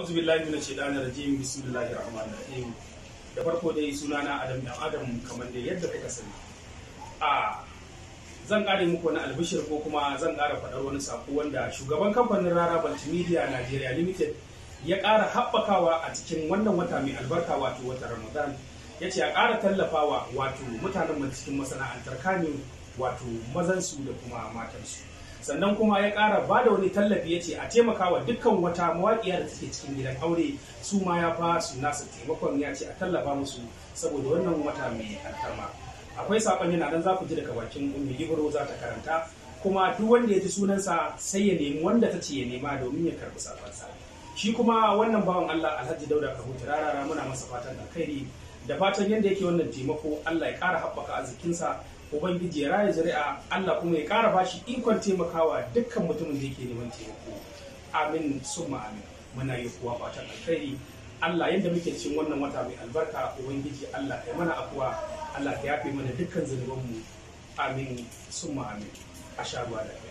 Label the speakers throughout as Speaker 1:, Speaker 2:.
Speaker 1: auzu billahi minash shaitanir rajim bismillahir rahmanir rahim da farko dai sunana adam dan adam kamar dai yadda kuka sani a zan kare muku wani albishir ko kuma zan kara faɗar wani sako wanda shugaban kamfanin rara multimedia nigeria limited ya ƙara haɓakawa a cikin wannan wata mai albarka wato wata ramadan ya ce a kara tallafawa wato mutanen cikin masana'antar kano wato mazansu da kuma matansu sannan kuma ya ƙara ba da wani tallafi ya ce a taimakawa dukkan wata mawaƙiya da take cikin gidan aure su ma ya fa su nasa taimakon ya ce a tallafa musu saboda wannan wata mai alfarma akwai saƙon yana nan za ku ji daga bakin ummi ibro za ta karanta kuma duk wanda ya ji sunansa sai ya nemi wanda ta ce ya nema domin ya karɓi sa shi kuma wannan bawan allah alhaji dauda kahutu rarara muna masa fatan alkhairi da fatan yadda yake wannan taimako Allah ya ƙara haɓaka arzikinsa ubangiji ya raya zuri'a Allah kuma ya ƙara bashi ikon taimakawa dukkan mutumin da yake neman taimako amin summa amin muna yi kuwa fatan alkhairi Allah yadda muke cikin wannan wata mai albarka ubangiji Allah ya mana afuwa Allah ya yafe mana dukkan zunubanmu amin summa amin a sha ruwa lafiya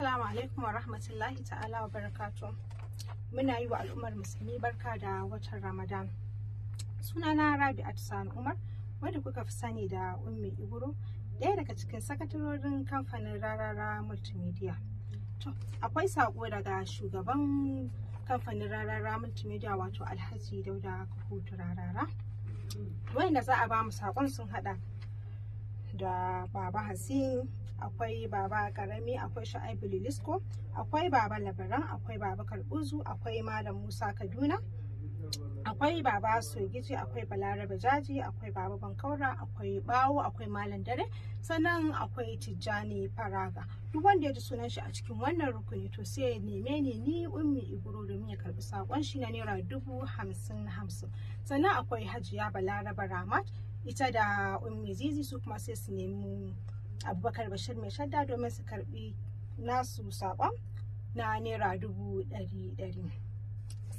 Speaker 2: Assalamu alaikum wa rahmatullahi ta'ala wa barakatuh muna yi wa al'ummar musulmi barka da watan Ramadan sunana rabi sani umar wadda kuka fi sani da ummi iburo ɗaya daga cikin sakatarorin kamfanin rarara multimedia to akwai saƙo daga shugaban kamfanin rarara multimedia wato alhaji dauda kahutu rarara wanda za a ba mu saƙon sun haɗa da baba hasin akwai baba karami akwai sha'aibu lilisko akwai baba labaran akwai baba karbuzu akwai malam musa kaduna akwai baba sogiji akwai balarabe jaji akwai baba bankaura akwai bawo akwai malam dare sannan akwai tijjani faraga duk wanda ya ji sunan shi a cikin wannan rukuni to sai ya neme ni ni ummi iburu domin ya karbi sakon shi na naira dubu hamsin hamsin sannan akwai hajiya balarabe ramat ita da ummi zizi su kuma sai su nemi abubakar bashir mai shadda domin su karbi nasu sakon na naira dubu ɗari ɗari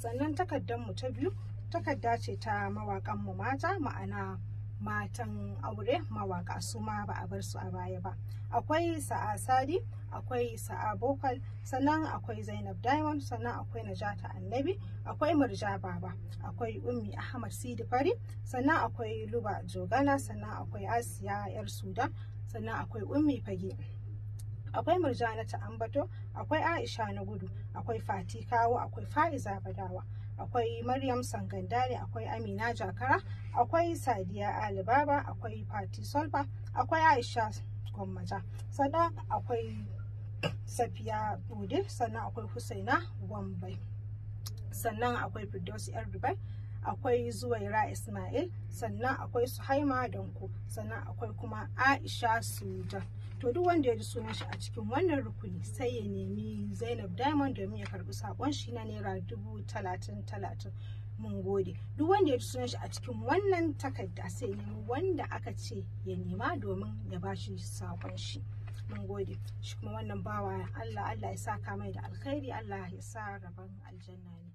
Speaker 2: sannan takardar mu ta biyu takarda ce ta mawakan mu mata ma'ana matan aure mawaka su ma ba a bar su a baya ba akwai sa'a sadi akwai sa'a bokal sannan akwai zainab diamond sannan akwai najata annabi akwai murja baba akwai ummi ahmad sidi fari sannan akwai luba jogana sannan akwai asiya yar sudan sannan akwai ummi fage akwai ta ambato akwai aisha na gudu akwai fati kawo akwai fa'iza badawa akwai maryam sangandare akwai amina jakara akwai sadiya alibaba akwai fati solba akwai aisha gwammaja sannan akwai safiya bude sannan akwai husaina gwambai sannan akwai firdaus yar dubai akwai zuwaira ismail sannan akwai suhaima danko sannan akwai kuma aisha sudan to duk wanda ya ji sunan shi a cikin wannan rukuni sai ya nemi zainab diamond domin ya karbi sakon shi na naira dubu talatin talatin mun gode duk wanda ya ji sunan shi a cikin wannan takarda sai ya nemi wanda aka ce ya nema domin ya ba shi sakon shi mun gode shi kuma wannan bawa Allah Allah ya sa mai da alkhairi Allah ya sa rabon aljanna ne